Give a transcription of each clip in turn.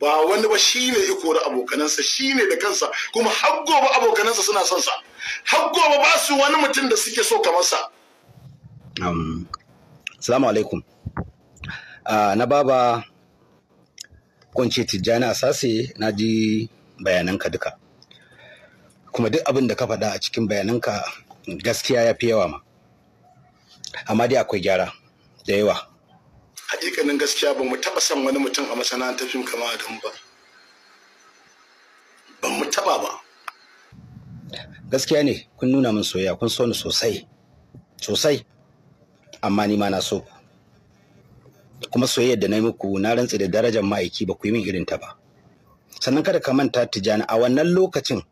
ba wani ba shi ne iko da abokanansa ne da kansa kuma har gobe abokanansa suna son sa har gobe ba su wani mutum da suke so kamar sa um assalamu alaikum uh, na baba kunce tijjani asase na ji bayananka duka kuma duk abin da ka faɗa a cikin bayananka gaskiya ya fi yawa ma amma dai akwai gyara da yawa hakikanin gaskiya ba mu taba son wani mutum a masana'antar fim kama Adam ba ba mu taba ba gaskiya ne kun nuna min soyayya kun so ni sosai sosai amma ni ma na so ku kuma soyayyar da na yi muku na rantse da darajar ma'aiki ba ku yi min irin ta ba sannan kada ka manta tijani a wannan lokacin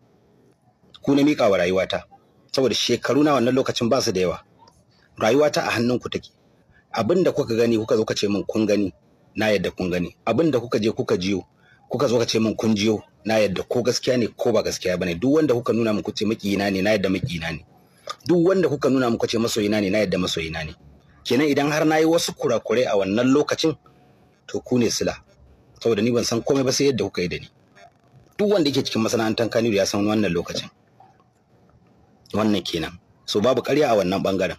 ku na miƙa wa rayuwata saboda shekaru na wannan lokacin ba su da yawa rayuwata a hannunku take abin da kuka gani kuka zo ka ce min kun gani na yadda kun gani abin da kuka je kuka jiyo kuka zo ka ce min kun jiyo na yadda ko gaskiya ne ko ba gaskiya bane duk wanda kuka nuna min ku ce makiyina ne na yadda makiyina ne duk wanda kuka nuna min ku ce masoyina ne na yadda masoyina ne kenan idan har na yi wasu kurakure a wannan lokacin to ku ne sila saboda ni ban san komai ba sai yadda kuka yi da ni duk wanda yake cikin masana'antar kaniru ya san wannan lokacin wannan kenan so babu karya a wannan bangaren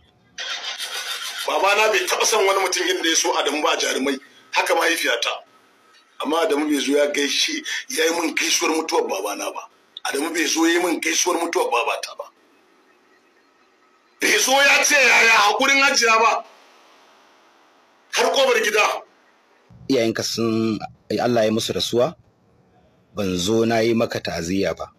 babana bai taɓa son wani mutum inda ya so adamu ba jarumai haka mahaifiyata amma adamu bai zo ya gaishe ya yi min gaisuwar mutuwar babana ba adamu bai zo ya yi min gaisuwar mutuwar babata ba bai zo ya ce yaya haƙurin ajiya ba har kobar gida iyayenka sun Allah ya musu rasuwa ban zo na yi maka ta'aziyya ba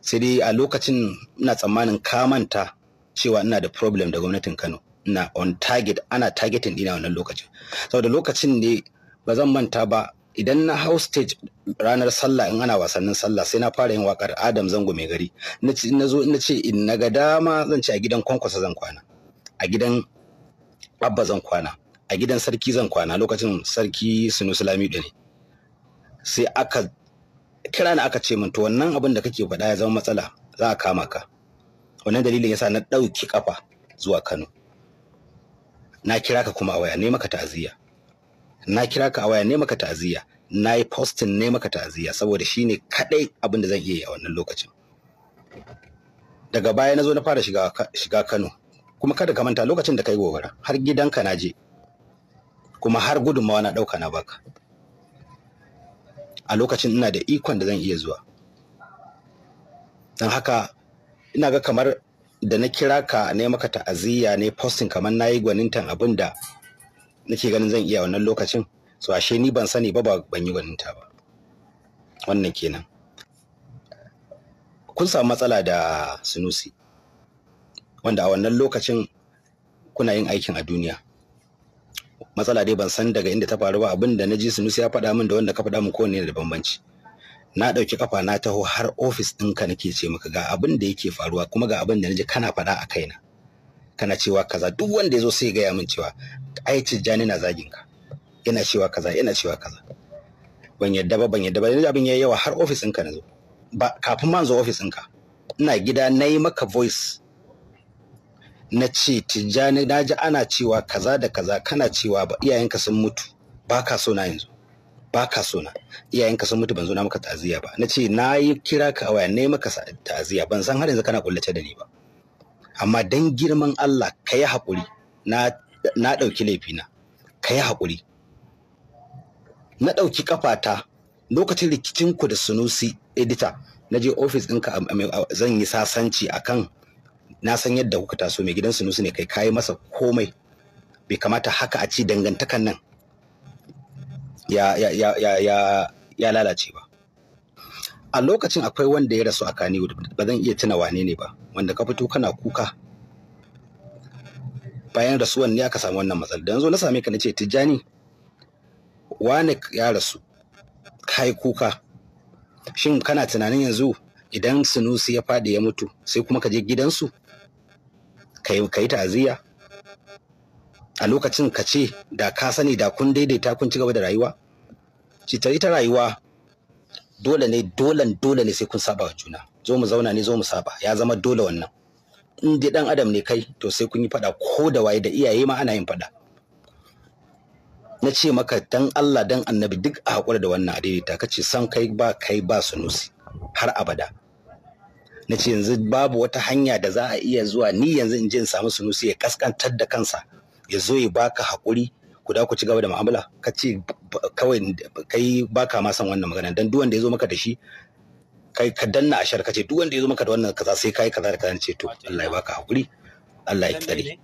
sai dai a lokacin ina tsammanin ka manta cewa ina da problem da gwamnatin Kano ina on target ana targeting dina wannan lokacin saboda lokacin ne ba zan manta ba idan na hau stage ranar sallah in ana wasannin sallah sai na fara yin wakar Adam Zango mai gari na zo na ce in na ga dama zan ce a gidan kwankwasa zan kwana a gidan abba zan kwana a gidan sarki zan kwana lokacin sarki Sunusi da ne sai aka kira ni aka ce min to wannan abin da kake faɗa ya zama matsala za a kama ka wannan dalilin yasa na ɗauki kafa zuwa Kano na kira ka kuma a waya ne maka ta'aziyya na kira ka a waya ne maka ta'aziyya na yi postin ne maka ta'aziyya saboda shine kadai abin da zan iya yi a wannan lokacin daga baya na zo na fara shiga Kano kuma kada ka manta lokacin da kai gobara har gidanka na je kuma har gudunmawa na ɗauka na baka a lokacin ina da ikon da zan iya zuwa don haka ina ga kamar da na kira ka ne maka ta'aziyya ne posting kamar nayi gwanintan abin da nake ganin zan iya wannan lokacin so ashe ni ban sani ba ba ban yi gwaninta ba wannan kenan kun samu matsala da sunusi wanda a wannan lokacin kuna yin aikin a duniya matsala dai ban san daga inda ta faru ba abin da na ji sunusi ya faɗa min da wanda ka faɗa min kowane da bambanci na ɗauki kafa na taho har ofis ɗinka nake ce maka ga abin da yake faruwa kuma ga abin da naji kana faɗa a kaina kana cewa kaza duk wanda ya zo sai gaya min cewa ai tijjani na zagin ka yana cewa kaza yana cewa kaza ban yadda ba ban yadda ba yanzu abin yayi yawa har ofis ɗinka na zo ba kafin ma zo ofis ɗinka ina gida na yi maka voice na ce tijjani na ji ana cewa kaza da kaza kana cewa ba iyayenka sun mutu ba ka so na yanzu baka ka so na iyayenka sun mutu ban zo na maka ta'aziyya ba na ce na yi kira ka a waya ne maka ta'aziyya ban san har yanzu kana kullace da ni ba amma dan girman Allah ka yi haƙuri na na ɗauki laifina ka yi haƙuri na ɗauki ƙafata lokacin rikicinku da sunusi edita na je ofis ɗinka zan yi sasanci akan na san yadda kuka taso mai gidan sunusi ne kai kayi masa komai bai kamata haka a ci dangantakan nan ya lalace ba a lokacin akwai wanda ya rasu a Kannywood ba zan iya tuna wane ne ba wanda ka fito kana kuka bayan rasuwan ne aka samu wannan matsala don zo na same ka ce Tijjani wane ya rasu kai kuka shin kana tunanin yanzu idan Sinusi ya faɗi ya mutu sai kuma ka je gidansu ka yi ta'aziyya a lokacin ka ce da ka sani da kun daidaita kun ci gaba da rayuwa citari ta rayuwa dole ne dolan dole ne sai kun saba wa juna zo mu zauna ne zo mu saba ya zama dole wannan in dai dan adam ne kai to sai kun yi fada ko da waye da iyaye ma ana yin fada na ce maka dan Allah dan annabi duk a hakura da wannan adaidaita ce san kai ba kai ba sunusi har abada na ce yanzu babu wata hanya da za a iya zuwa ni yanzu in je in samu sunusi ya kaskantar da kansa ya zo ya baka haƙuri ku da ku ci gaba da mu'amala ka ce kawai kai baka ma san wannan magana dan duk wanda ya zo maka da shi kai ka danna a shar ka ce duk wanda ya zo maka da wannan kaza sai kai kaza da kaza ce to Allah ya baka haƙuri Allah ya tsare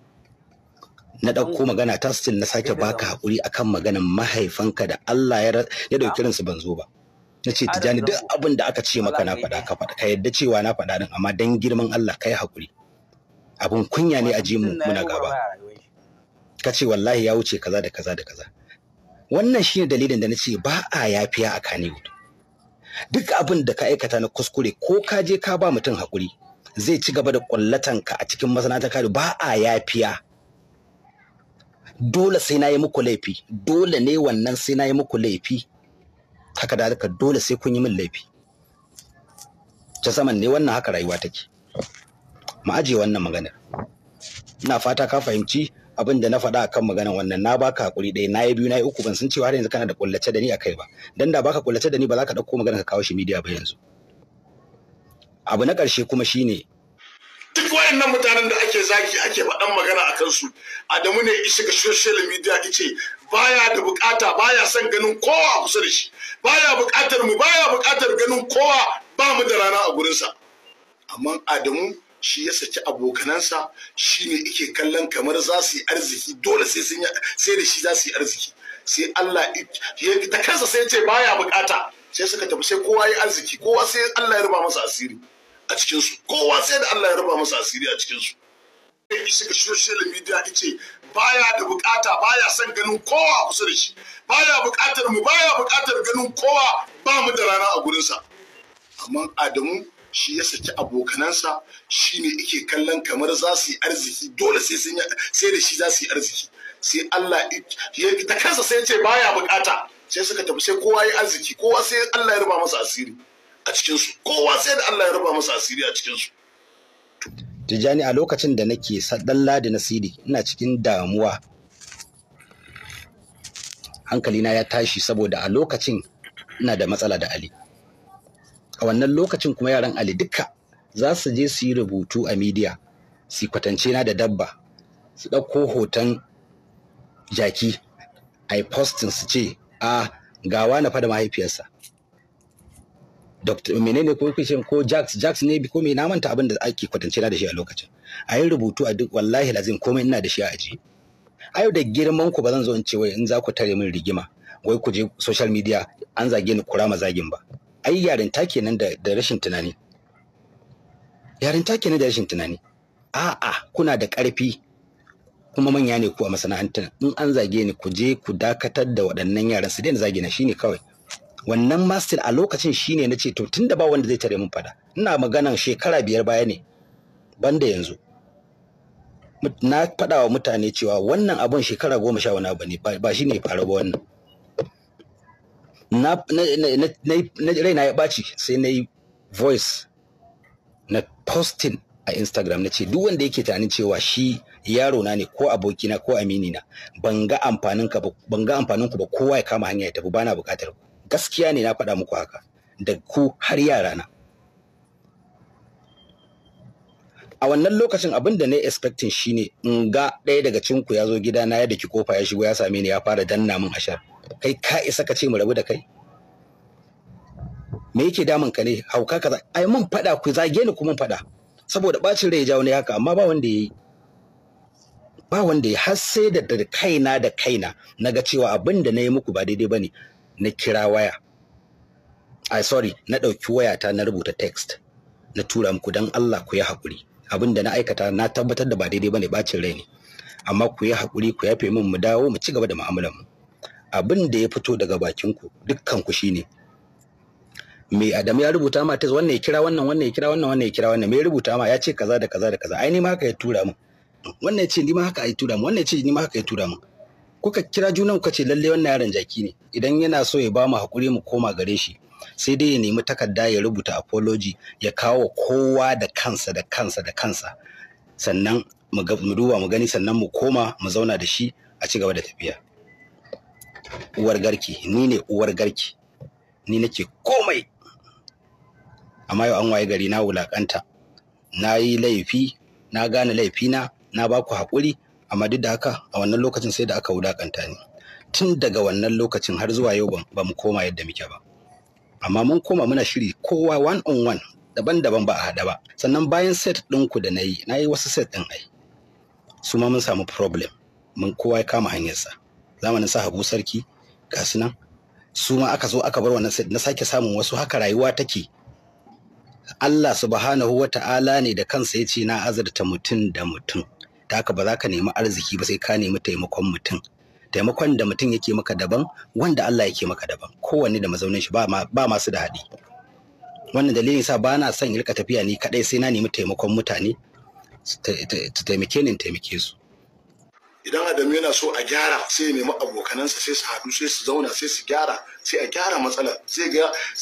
na ɗauko magana ta su na sake baka haƙuri akan maganan mahaifanka da Allah ya ya dauki ransu ban zo ba na ce tijani duk abin da aka ce maka na faɗa ka faɗa ka yadda cewa na faɗa din amma dan girman Allah kai haƙuri abun kunya ne a ji mu muna gaba ka ce wallahi ya wuce kaza da kaza da kaza wannan shine dalilin da na ce ba a yafiya a hudu duk abin da ka aikata na kuskure ko ka je ka ba mutum hakuri zai ci gaba da ka a cikin masana'antar kare ba a yafiya dole sai na yi muku laifi dole ne wannan sai na yi muku laifi haka da haka dole sai kun yi min laifi ta saman ne wannan haka rayuwa take mu wannan maganar ina fata ka fahimci abin da na faɗa akan maganar wannan na baka hakuri ɗaya na yi biyu na yi uku ban san cewa har yanzu kana da kullace da ni akai ba dan da baka kullace da ni ba za ka ɗauko maganar ka kawo shi media ba yanzu abu na ƙarshe kuma shine duk wayannan mutanen da ake zagi ake faɗan magana a kansu Adamu ne ya ga social media ya ce baya da bukata baya son ganin kowa kusa da shi baya bukatar mu baya bukatar ganin kowa ba mu da rana a gurinsa amma Adamu shi ya saki abokanansa shi ne ike kallon kamar za su yi arziki dole sai da shi za su yi arziki sai Allah da kansa sai ce baya bukata sai suka tafi sai kowa ya arziki kowa sai Allah ya ruba masa asiri a cikin su kowa sai da Allah ya ruba masa asiri a cikin su suka social media yace baya da bukata baya son ganin kowa kusa da shi baya bukatar mu baya bukatar ganin kowa ba mu da rana a gurinsa amma Adamu shi ya saki abokanansa shi ne yake kallon kamar za su yi arziki dole sai da shi za su yi arziki sai Allah ta kansa sai ya ce baya bukata sai suka tafi sai kowa ya arziki kowa sai Allah ya ruba masa asiri a cikinsu kowa sai da Allah ya ruba masa asiri a cikinsu Tijjani a lokacin da nake sadalla da nasiri ina cikin damuwa hankalina ya tashi saboda a lokacin ina da matsala da Ali a wannan lokacin kuma yaran ali duka za su je su yi rubutu a midiya su kwatance na da dabba su ɗauko hoton jaki a yi postin su ce a gawa na fada mahaifiyarsa Dr. menene ko kuke ko Jax Jax ne ko me na manta abin da ake kwatance na da shi a lokacin a yi rubutu a duk wallahi lazim komai ina da shi a aji a yau da girman ku ba zan zo in ce wai in za ku tare min rigima wai ku je social media an zage ni kura ma zagin ba ai yarinta kenan da, da rashin tunani yarinta kenan da rashin tunani a'a kuna da ƙarfi kuma manya ne ku a masana'antar in an zage ni ku je ku dakatar da waɗannan yaran su daina zage na shine kawai wannan master a lokacin shine na ce to tunda ba wanda zai tare min fada ina maganan shekara biyar baya ne banda yanzu na faɗa wa mutane cewa wannan abun shekara goma sha wani abu ne ba shi ne faru ba wannan na raina ya ɓaci sai na yi voice na posting a instagram na ce duk wanda yake tunanin cewa shi yaro na ne ko abokina ko amini na ban ga amfaninku ba kowa ya kama hanya ya tafi bana bukatar ku gaskiya ne na faɗa muku haka da ku har yara na a wannan lokacin abin da na yi expecting shine in ga ɗaya daga cinku ya zo gidana ya ki kofa ya shigo ya same ni ya fara danna min ashar kai ka isa ka ce mu rabu da kai me yake damun ka ne hauka kaza ai mun fada ku zage ni kuma fada saboda bacin rai ya jawo ne haka amma ba wanda yayi ba wanda ya har sai da kaina da kaina naga cewa abin da na yi muku ba daidai bane na kira waya ai sorry na ɗauki wayata na rubuta text na tura muku dan Allah ku yi hakuri abin da na aikata na tabbatar da ba daidai bane bacin rai ne amma ku yi hakuri ku yafe min mu dawo mu ci gaba da mu'amalar mu abin da ya fito daga bakinku dukkan ku shine me adam ya rubuta ma test wannan ya kira wannan wannan ya kira wannan wannan ya kira wannan me ya rubuta ma ya ce kaza da kaza da kaza ai ni ma haka ya tura min wannan ya ce ni ma haka ya tura min wannan ya ce ni ma haka ya tura min kuka kira juna kuka ce lalle wannan yaron jaki ne idan yana so ya ba mu hakuri mu koma gare shi sai dai ya nemi takarda ya rubuta apology ya kawo kowa da kansa da kansa da kansa sannan mu duba mu gani sannan mu koma mu zauna da shi a ci gaba da tafiya uwar garki ni ne uwar garki ni nake komai amma yau an waye gari na wulakanta na yi laifi na gane laifina na ba ku haƙuri amma duk da haka a wannan lokacin sai da aka wulakanta ni tun daga wannan lokacin har zuwa yau ba mu koma yadda muke ba amma mun koma muna shiri kowa one on one daban-daban ba a haɗa ba sannan bayan set ɗinku da na yi na yi wasu set ɗin ai su ma mun samu problem mun kowa ya kama hanyarsa zamanin sa habu sarki Kasu nan su ma aka zo aka bar wannan na sake samun wasu haka rayuwa take Allah subhanahu wa ta'ala ne da kansa ya ce na azurta mutum da mutum ta haka ba za ka nemi arziki ba sai ka nemi taimakon mutum taimakon da mutum yake maka daban wanda Allah yake maka daban kowanne da mazaunin shi ba masu da haɗi wannan dalilin sa ba na son ilka tafiya ni kaɗai sai na nemi taimakon mutane taimake ni taimake su idan adamu yana so a gyara sai ya nemi abokanansa sai su haɗu sai su zauna sai su gyara sai a gyara matsalar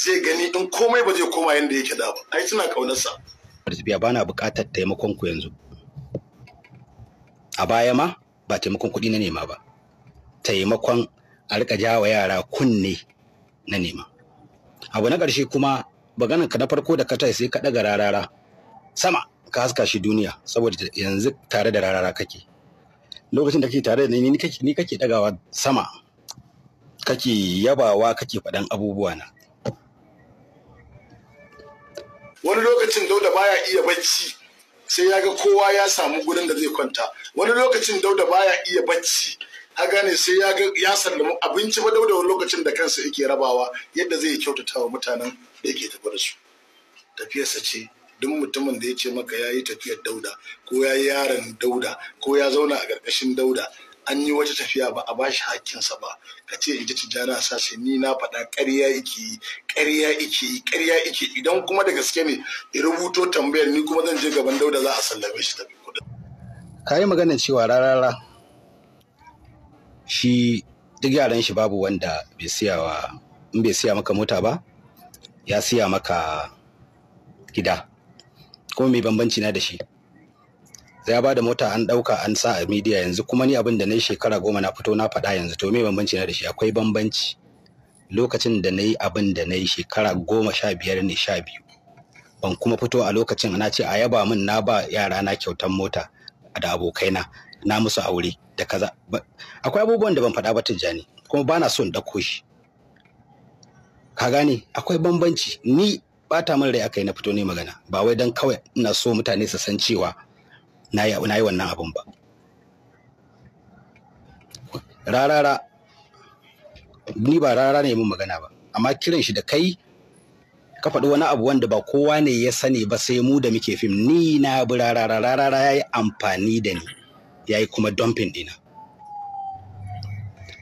zai gani in komai ba zai koma yadda yake da ba ai suna ƙaunarsa Tafiya bana buƙatar taimakon ku yanzu a baya ma ba taimakon kuɗi na nema ba taimakon a riƙa jawa yara kunne na nema abu na ƙarshe kuma maganan ka na farko da ka sai ka ɗaga rarara sama ka haska shi duniya saboda yanzu tare da rarara kake lokacin da kake tare da ni ni kake dagawa sama kake yabawa kake faɗan abubuwa na wani lokacin dauda baya iya bacci sai ya ga kowa ya samu gurin da zai kwanta wani lokacin dauda baya iya bacci ha ne sai ya ga ya sallamu abinci ba dauda wani lokacin da kansa yake rabawa yadda zai kyautata wa mutanen da yake tafi da su tafiyarsa ce duk mutumin da ya ce maka ya yi tafiyar dauda ko ya yi yaron dauda ko ya zauna a ƙarƙashin dauda an yi wata tafiya ba a ba shi hakkinsa ba ka ce in ji tijjani a sashi ni na faɗa ƙarya ike yi ƙarya ike yi ƙarya ike idan kuma da gaske ne ya rubuto tambayar ni kuma zan je gaban dauda za a sallame shi tafi kuɗi. ka yi maganin cewa rarara shi duk yaran shi babu wanda bai siya wa in bai siya maka mota ba ya siya maka gida kuma mai bambanci na da shi ya ba da mota an ɗauka an sa a midiya yanzu kuma ni abin da na yi shekara goma na fito na faɗa yanzu to mai bambanci na da shi akwai bambanci lokacin da na yi abin da na yi shekara goma sha biyar ne sha biyu ban kuma fito a lokacin na ce a yaba min na ba yara na kyautan mota da abokaina na musu aure da kaza akwai abubuwan da ban faɗa ba tijjani kuma ba na so in ɗauko shi ka gane akwai bambanci ni bata min rai aka yi na fito ne magana ba wai dan kawai ina so mutane su san cewa na yi wannan abun ba rarara ni ba rara ne mun magana ba amma kiran shi da kai ka faɗi wani abu wanda ba kowa ne ya sani ba sai mu da muke fim ni na bi rarara rarara ya yi amfani da ni ya yi kuma dumping dina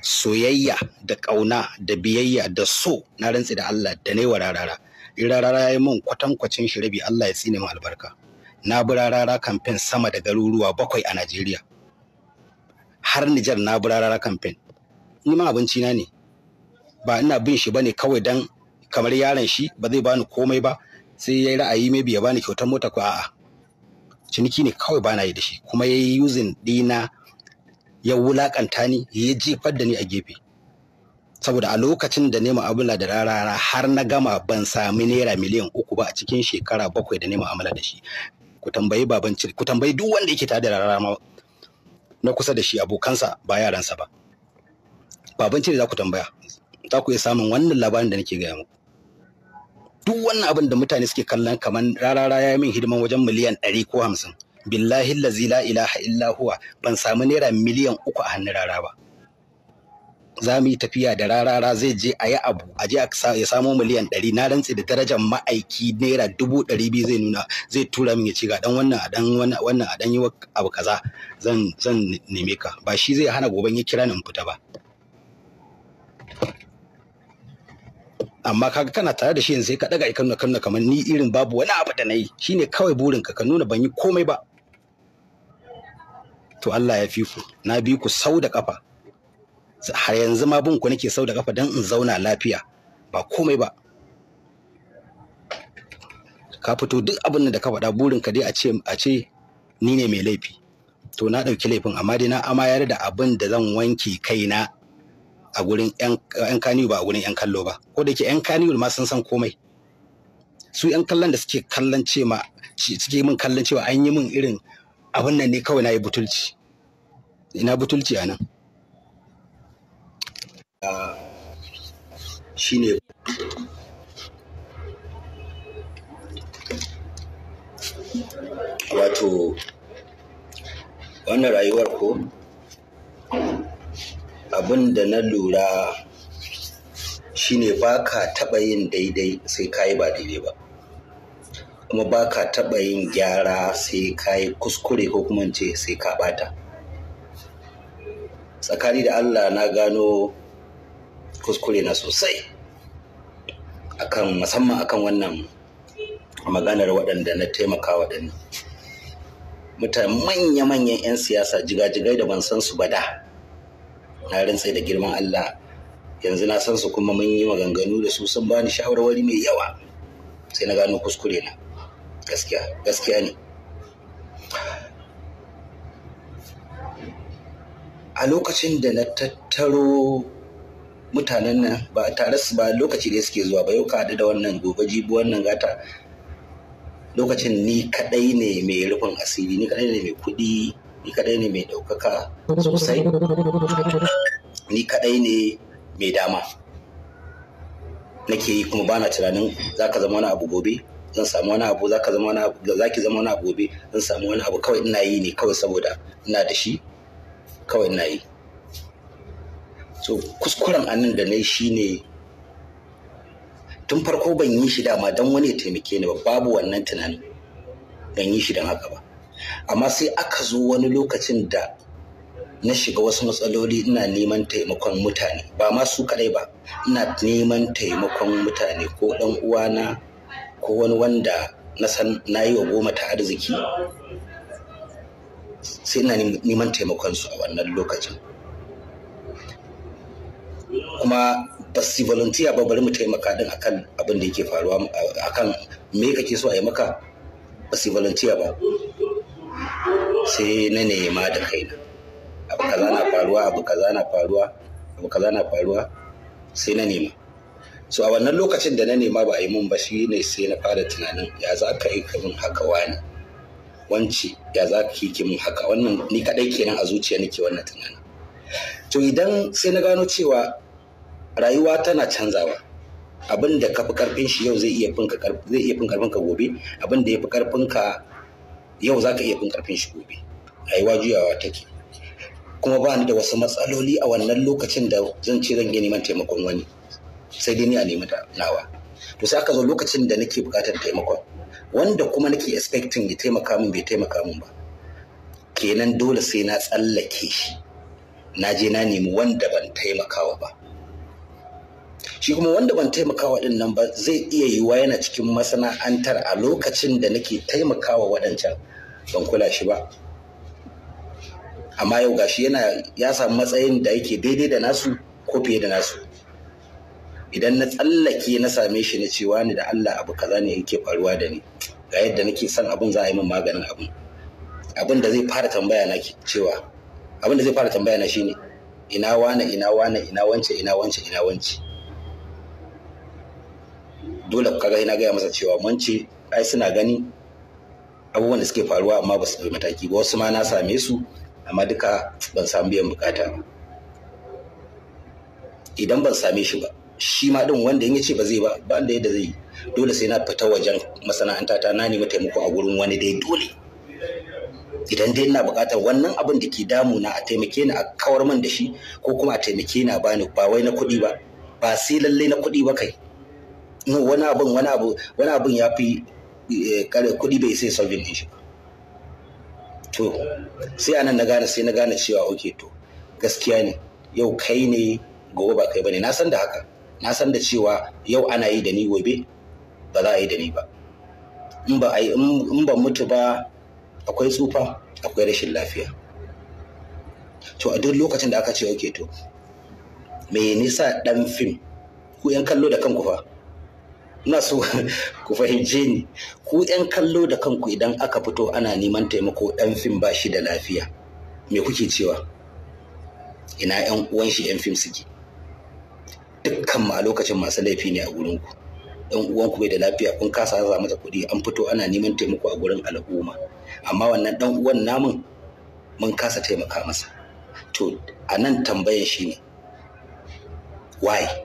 soyayya da ƙauna da biyayya da so na rantsi da Allah da ne wa rarara in rarara ya yi min kwatankwacin shi rabi Allah ya tsine min albarka na bi rarara kamfen sama da garuruwa bakwai a Najeriya har Nijar na bi rarara kamfen ni ma abinci na ne ba ina bin shi bane kawai dan kamar yaron shi ba zai bani komai ba sai yayi ra'ayi mai ya bani kyautar mota ko a'a ciniki ne kawai bana yi da shi kuma ya yi using dina ya wulakanta ni ya jefar da ni a gefe saboda a lokacin da nema abula da rarara har na gama ban sami naira miliyan uku ba a cikin shekara bakwai da nema amala da shi ku tambayi baban cire ku tambayi duk wanda yake tare da rarara ma na kusa da shi abokansa ba yaransa ba baban cire za ku tambaya za ku iya samun wannan labarin da nake gaya muku duk wannan abin da mutane suke kallon kamar rarara ya yi min hidiman wajen miliyan ɗari ko hamsin billahi lazi la ilaha illa huwa ban sami naira miliyan uku a hannun rara ba za mu yi tafiya da rarara zai je a yi abu a je ya samo miliyan ɗari na rantse da darajar ma'aiki naira dubu ɗari biyu zai nuna zai tura min ya ci ga dan wannan a dan wannan a dan yi abu kaza zan zan neme ka ba shi zai hana goben ya kira ni in fita ba amma kaga kana tare da shi yanzu sai ka daga ikan kanna kamar ni irin babu wani abu da nayi shine kawai burin ka ka nuna ban yi komai ba to Allah ya fi ku na bi ku sau da kafa har yanzu ma bin ku nake sau da kafa don in zauna lafiya ba komai ba ka fito duk abin da ka faɗa burin ka dai a ce a ce ni ne mai laifi to na ɗauki laifin amma dai na amayar da abin da zan wanke kaina a gurin yan kaniyu ba a gurin yan kallo ba ko da ke yan kaniyu ma sun san komai su yan kallon da suke kallon cewa suke min kallon cewa an yi min irin abin nan ne kawai na yi butulci ina butulci a nan shi wato wannan rayuwar ko abin da na lura shine ba ka taɓa yin daidai sai ka yi ba daidai ba kuma ba ka taɓa yin gyara sai ka yi kuskure ko kuma ce sai ka ɓata tsakani da allah na gano kuskure na sosai akan musamman akan wannan maganar waɗanda na taimaka waɗanda. mutane manya-manyan 'yan siyasa jigajigai da ban san su ba da na rantsai da girman Allah yanzu na san su kuma mun yi maganganu da su sun bani shawarwari mai yawa sai na gano kuskure na gaskiya gaskiya ne a lokacin da na tattaro mutanen nan ba tare su ba lokaci da suke zuwa ba yau ka haɗu da wannan gobe jibi wannan gata lokacin ni kadai ne mai rufin asiri ni kadai ne mai kuɗi ni kadai ne mai ɗaukaka sosai ni kadai ne mai dama nake yi kuma bana tunanin za ka zama wani abu gobe zan samu wani abu za ka zama wani abu za ki zama wani abu gobe zan samu wani abu kawai ina yi ne kawai saboda ina da shi kawai ina yi so kuskuren anan da na yi shine tun farko ban yi shi dama don wani ya taimake ni ba babu wannan tunanin ban yi shi don haka ba amma sai aka zo wani lokacin da na shiga wasu matsaloli ina neman taimakon mutane ba ma su kadai ba ina neman taimakon mutane ko dan uwana ko wani wanda na san na yi wa goma ta arziki sai ina neman taimakon su a wannan lokacin kuma ba su volunteer ba bari mu taimaka din akan abin da yake faruwa akan me kake so a yi maka ba su volunteer ba sai na nema da kaina abu kaza na faruwa abu kaza na faruwa abu kaza na faruwa sai na nema so a wannan lokacin da na nema ba a yi mun ba shi ne sai na fara tunanin ya za ka yi kamin haka wani wanci ya za ka yi min haka wannan ni kadai kenan a zuciya nake wannan tunanin to idan sai na gano cewa rayuwa tana canzawa abin da ka fi karfin shi yau zai iya fin zai iya fin karfin ka gobe abin da ya fi karfin ka yau zaka iya fin karfin shi gobe rayuwa juyawa take kuma ba ni da wasu matsaloli a wannan lokacin da zan ce zan neman taimakon wani sai dai ni a nemi nawa to sai aka zo lokacin da nake buƙatar taimakon wanda kuma nake expecting ya taimaka min bai taimaka min ba kenan dole sai na tsallake shi na je na nemi wanda ban taimakawa ba shi kuma wanda ban taimaka waɗannan ba zai iya yiwuwa yana cikin masana'antar a lokacin da nake taimaka wa waɗancan ban kula shi ba amma yau gashi yana ya samu matsayin da yake daidai da nasu ko fiye da nasu idan na tsallake na same shi na cewa ni da Allah abu kaza ne yake faruwa da ni ga yadda nake son abin za a yi min maganin abu, abin da zai fara tambaya na cewa abin da zai fara tambaya na shine ina wane ina wane ina wance ina wance ina wance dole ka kaga ina gaya masa cewa mun ce ai suna gani abubuwan da suke faruwa amma ba su bi mataki ba wasu ma na same su amma duka ban samu biyan bukata ba idan ban same shi ba shi ma din wanda ya ce ba zai ba ba da yadda zai dole sai na fita wajen masana'anta ta na nemi taimako a gurin wani dai dole idan dai ina bukatar wannan abin da ke damu na a taimake ni a kawar man da shi ko kuma a taimake ni a bani ba wai na kuɗi ba ba sai lallai na kuɗi ba kai wani abin wani abu wani abin ya fi eh, kuɗi bai sai solving din shi to sai anan na gane sai na gane cewa ok to gaskiya ne yau kai ne gobe ba kai bane na san da haka na san da cewa yau ana yi da ni gobe ba za a yi da ni ba in ba in ba mutu ba akwai tsufa akwai rashin lafiya to a duk lokacin da aka ce ok to me nisa dan fim ku yan kallo da kanku fa na so ku fahimce ni ku 'yan kallo da kanku idan aka fito ana neman taimako ɗan fim ba shi da lafiya me kuke cewa ina 'yan uwan shi ƴan fim suke dukkan a lokacin masu laifi ne a ku. ɗan uwanku bai da lafiya kun kasa za mata kuɗi an fito ana neman taimako a gurin al'umma amma wannan ɗan uwan namun mun kasa taimaka masa to a nan tambayan shi ne why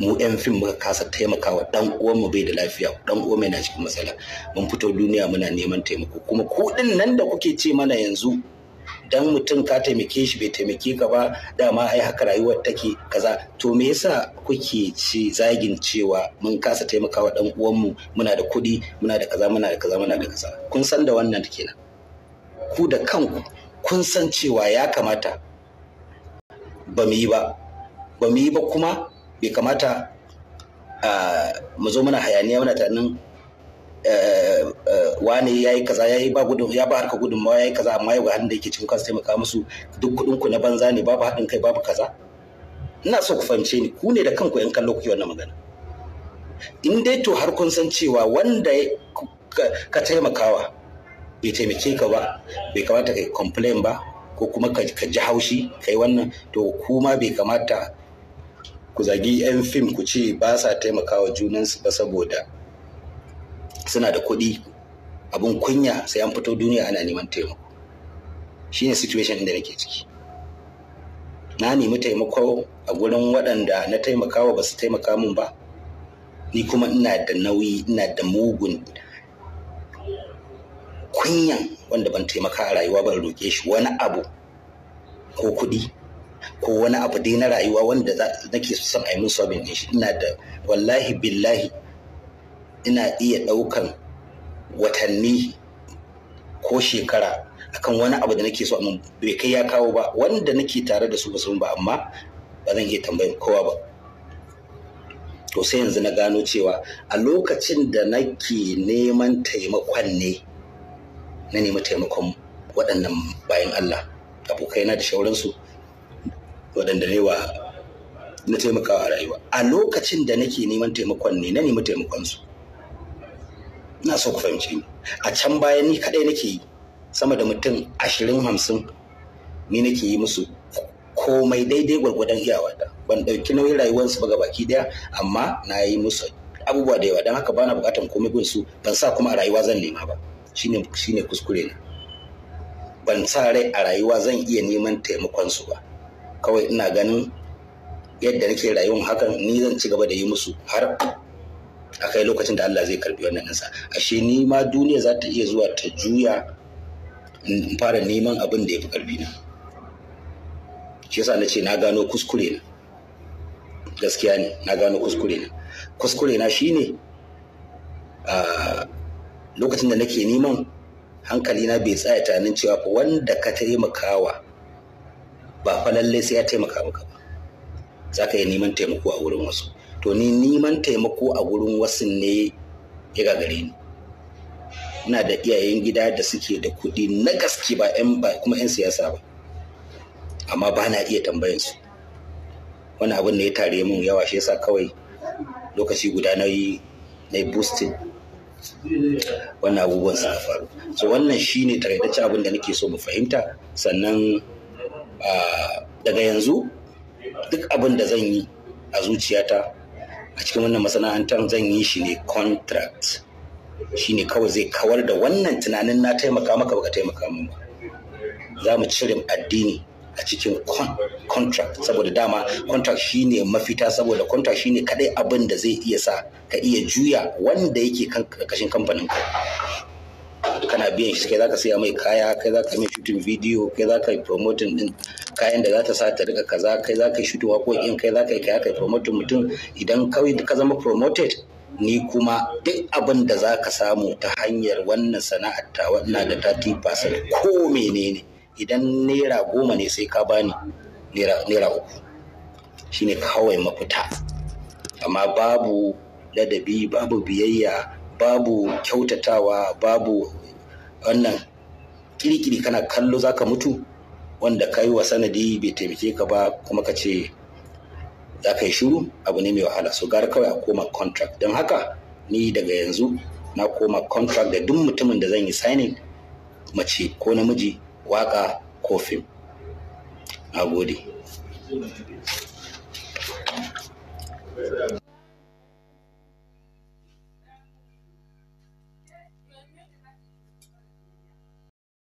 mu yan fim muka kasa taimakawa dan uwan mu bai da lafiya dan uwan mai na cikin matsala mun fito duniya muna neman taimako kuma kuɗin nan da kuke ce mana yanzu dan mutum ka taimake shi bai taimake ka ba dama ai haka rayuwar take kaza to me yasa kuke ci zagin cewa mun kasa taimakawa dan uwanmu muna da kuɗi muna da kaza muna da kaza muna da kaza kun san da wannan kenan ku da kanku kun san cewa ya kamata ba mu yi ba ba mu yi ba kuma bai kamata mu zo muna hayaniya muna tunanin wane ya yi kaza ya yi ba gudun ya ba harka gudunmawa ya yi kaza amma yau ga hannun da yake cikin kansu taimaka musu duk kuɗin ku na banza ne babu haɗin kai babu kaza ina so ku fahimce ni ku ne da kanku yan kallo kuke wannan magana in dai to har kun san cewa wanda ka taimakawa bai taimake ka ba bai kamata ka complain ba ko kuma ka ji haushi kai wannan to kuma bai kamata ku zagi 'yan fim ku ce ba sa taimakawa junansu ba saboda suna da kuɗi abun kunya sai an fito duniya ana neman taimako Shi ne situation inda nake ciki na nemi taimako a gurin waɗanda na taimakawa ba su taimaka min ba ni kuma ina da nauyi ina da mugun kunyan wanda ban taimaka a rayuwa ban roƙe shi wani abu ko kuɗi ko wani abu dai na rayuwa wanda nake son a yi musu abin shi ina da wallahi billahi ina iya ɗaukan watanni ko shekara akan wani abu da nake so amma bai kai ya kawo ba wanda nake tare da su ba sun ba amma ba zan iya tambayar kowa ba to sai yanzu na gano cewa a lokacin da nake neman taimakon ne na nemi taimakon waɗannan bayan Allah abokaina da shauransu waɗanda ne wa na taimakawa rayuwa a lokacin da nake neman taimakon ne na nemi taimakon su na so ku fahimci ni a can bayan ni kadai nake yi sama da mutum ashirin hamsin ni nake yi musu komai daidai gwargwadon iyawa da ban ɗauki nauyin rayuwarsu ba baki daya amma na yi musu abubuwa da yawa don haka bana bukatan komai gun su ban sa kuma a rayuwa zan nema ba shine kuskure na ban sa rai a rayuwa zan iya neman taimakon su ba kawai ina ganin yadda nake rayuwar hakan ni zan ci gaba da yi musu har a kai lokacin da Allah zai karbi wannan ɗinsa ashe ni ma duniya za ta iya zuwa ta juya in fara neman abin da ya fi karfi na shi yasa na ce na gano kuskure na gaskiya ne na gano kuskure na kuskure na shine a lokacin da nake neman hankali na bai tsaya tunanin cewa wanda ka taimakawa ba fa lallai sai ya taimaka maka ba za ka iya neman taimako a wurin wasu to ni neman taimako a wurin wasu ne ya gare ni ina da iyayen gida da suke da kuɗi na gaske ba yan ba kuma yan siyasa ba amma ba na iya tambayan su wani abin ne ya tare mun yawa shi yasa kawai lokaci guda na yi na yi boosting wannan abubuwan suna faru so wannan shine takaitaccen abin da nake so mu fahimta sannan Ah, daga yanzu duk abin da zan yi a zuciyata a cikin wannan masana'antar zan yi shi ne contract shi ne kawai zai kawar da wannan tunanin na taimaka maka baka taimaka min ba za mu cire addini a cikin contract saboda dama contract shi ne mafita saboda contract shi ne kadai abin da zai iya sa ka iya juya wanda yake kashin kamfanin ka kana biyan shi kai zaka siya mai kaya kai zaka mai shooting video kai zaka yi promoting din kayan da za ta sa ta rika kaza kai zaka yi shooting waƙoƙin kai zaka yi kaya kai promoting mutum idan kawai ka zama promoted ni kuma duk abin da za ka samu ta hanyar wannan sana'ar ta wannan da ta ko menene idan naira goma ne sai ka bani naira uku shine kawai mafita amma babu ladabi babu biyayya babu kyautatawa babu wannan kirkiri kana kallo za ka mutu wanda ka yi wa sanadi bai taimake ka ba kuma ka ce za ka yi shiru abu ne mai wahala so gara kawai a koma contract don haka ni daga yanzu na koma contract da duk mutumin da zan yi signing mace ko namiji waka ko fim na gode